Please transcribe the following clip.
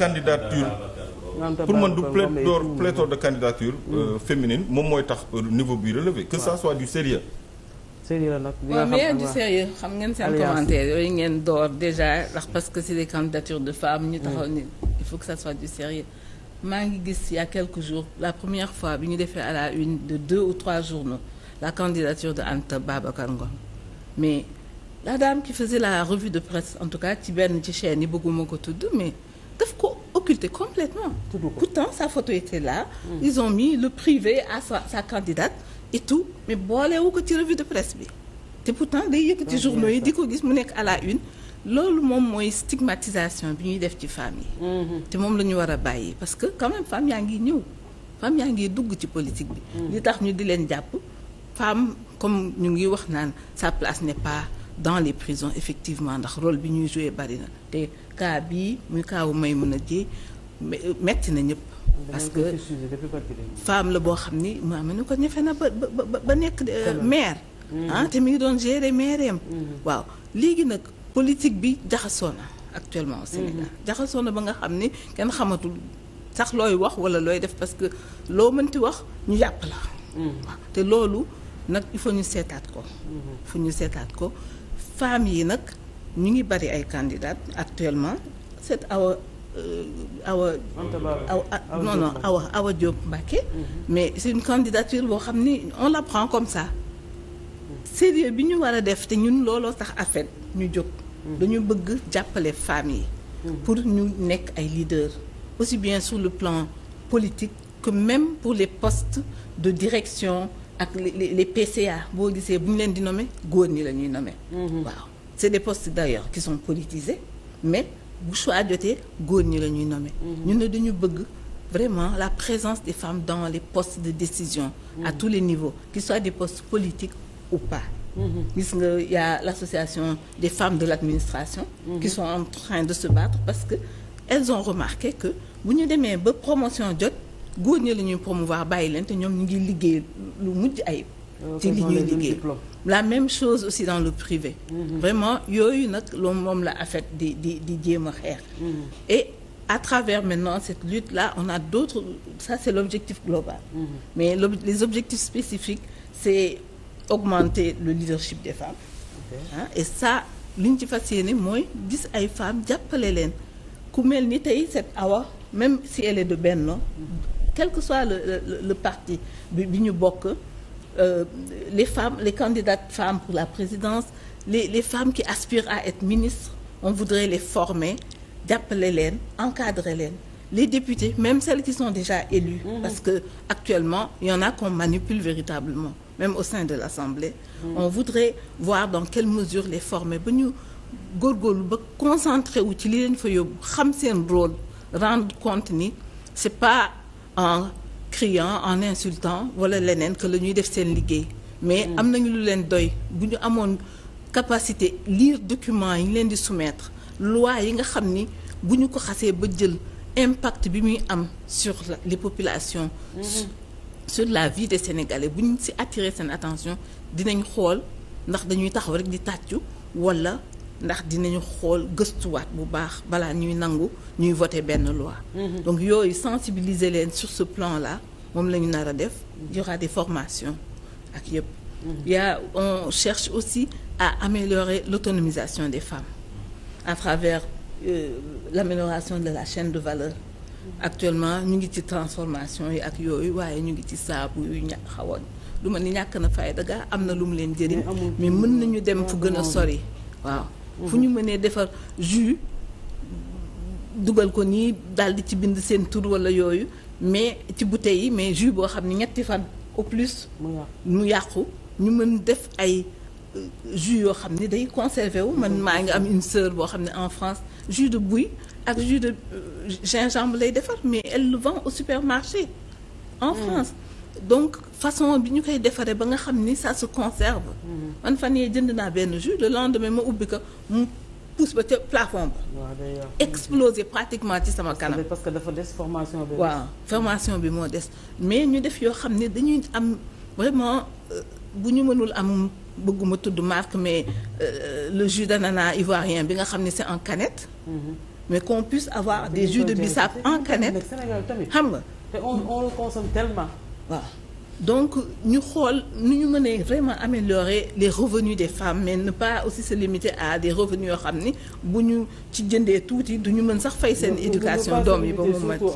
candidature pour man du pléthore pléthore de candidature euh, féminine moom mooy tax euh, niveau bi relevé que ça soit du sérieux sérieux nag bi nga xam mais du sérieux xam ngeen seen commentaire yooyu ngeen door déjà ndax parce que c'est des candidatures de femmes ñu mm. taxaw ni il faut que ça soit du sérieux maa ngi gis il y a quelques jours la première fois bi ñu defee à la une de deux ou trois journaux la candidature de Anta Babacar Ngom mais la dame qui la revue de presse en tout cas ci benn ci chaîne ko tudd occulté complètement pourtant sa photo était là mm. ils ont mis le privé à sa, candidate et mais boolewu ko ci revue de presse bi te pourtant day yëkkati journaux yi di ko gis mu nekk à la une loolu moom mooy stigmatisation bi ñuy def ci femmes yi mm-hmm. te moom la ñu war a bàyyi parce que quand même yaa ngi ñëw femmes yaa ngi dugg ci politique bi mm. li tax ñu di leen jàpp femme comme ñu ngi wax naan sa place n'est pas dans les prisons effectivement ndax rôle bi ñuy joué bari na te cas bii muy kaawu may mën a ji metti na ñëpp. parce que femme la boo xam ni maama ni ko ñefe na ba ba nekk euh, maire. Mm. ah te mi ngi doon gérer maireem. Mm. waaw léegi nag politique bi jaxasoo na actuellement au Sénégal. Mm-hmm. jaxasoo na ba nga xam ni kenn xamatul sax looy wax walla looy def parce que loo mënti wax ñu yàpp la. Mm. te loolu nag il faut ñu seetaat ko. Mm-hmm. fu ñu seetaat ko. femmes yi nag ñu ngi bari ay candidates actuellement c'est awa euh, awa ah, awa non non awa awa Diop Mbacké mm-hmm. mais c'est une candidature boo xam ni on la prend comme ça mm-hmm. sérieux bi ñu war a def te ñun looloo tax affaire ñu jóg mm-hmm. dañu bëgg jàppale femmes yi pour ñu nekk ay leaders aussi bien sur le plan politique que même pour les postes de direction ak les les PCA boo gisee bu ñu leen di nommer góor ñi la ñuy nommer. Mhm. waaw c' est des postes d' ailleurs qui sont politisés mais bu choix jotee góor ñi la ñuy nommer. Mhm. ñu ne dañu bëgg vraiment la présence des femmes dans les postes de décision. à mhm. tous les niveaux qu'ils soient des postes politiques ou pas. gis nga y a l' des femmes de l' administration. qui sont en train de se battre parce que elles ont remarqué que bu ñu demee ba promotion jot. góor ñi la ñuy promouvoir bàyyi leen te ñoom ñu ngi liggéey lu mujj ayib. Euh, ci li ñuy liggéey la même chose aussi dans le privé. Mm -hmm. vraiment yooyu nag loolu moom la affaire di di di jéem a xeex. Mm-hmm. et à travers maintenant cette lutte là on a d'autres ça c'est l'objectif global. Mm -hmm. mais les objectifs spécifiques c'est augmenter le leadership des femmes. Okay. et ça li ñu ci fas yéene mooy gis ay femmes jàppale leen ku mel ni tey cette awa même si elle de Benno. Mm-hmm. quel que soit le le, le parti bi bi ñu bokk euh, les femmes les candidates femmes pour la présidence les les femmes qui aspirent à être ministres on voudrait les former jàppale leen encadrer leen les députés même celles qui sont déjà élues mmh. parce que actuellement il y en a qu'on manipule véritablement même au sein de l'Assemblée mmh. on voudrait voir dans quelle mesure les former ba ñu góorgóorlu ba concentré wu ci li leen fa yóbbu xam seen rôle rendre compte en criant en insultant wala leneen que la ñuy def seen liggéey mais mm. am nañu lu leen doy bu ñu amoon capacité liir documents yi ñu leen di soumettre loi yi nga xam ni bu ñu ko xasee ba jël impact bi muy am sur les populations mm-hmm. sur la vie de Sénégalais bu ñu ci attirer seen attention dinañ xool ndax dañuy taxaw rek di tàccu wala ndax dinañu xool gëstuwaat bu baax balaa ñuy nangu ñuy voter benn loi. Mhm. donc yooyu sensibiliser leen sur ce plan là moom la ñu nar a def. y aura des ak yëpp. Mhm. y a on cherche aussi à améliorer l'autonomisation des femmes à travers euh, l'amélioration de la chaîne de valeur. Mhm. actuellement ñu ngi ci transformation yi ak yooyu waaye ñu ngi ci saabu yu ña xawoon du ma ni ñàkk na fayda gaa am na lu mu leen jëriñ mais mën nañu dem fu gën a sori waaw fu ñu mënee defar jus dugal ko nii daal di ci bind seen tur wala yooyu mais ci bouteille yi mais jus boo xam ne ñetti fan au plus mu yàqu ñu mën def ay euh, jus yoo xam ne day conservé wu man maa ngi am une sœur boo xam ne en France jus de bouy ak jus de euh, gingembre lay defar mais elle le au supermarché en mm. France donc façon bi ñu koy defaree ba nga xam ni sa se conserve. Mm-hmm. man fan yee jënd naa benn jus le lendemain ma ubbi ko mu pousse ba ca plafond ba. explosé pratiquement ci sama kanam. parce que dafa des formation bi. waaw formation bi moo des mais ñu def yoo xam ne dañuy am vraiment euh, bu ñu mënul am bëgguma tudd marque mais euh, le jus naa ivoirien bi nga xam ne c'est en canette. Mm-hmm. mais qu'on puisse avoir des jus de bissap en canette. xam nga. waaw donc ñu xool nu ñu mënee vraiment améliorer les revenus des femmes mais ne pas aussi se limiter à des revenus yoo xam ni bu ñu ci jëndee tuuti du ñu mën sax fay seen éducation doom yi ba mu mat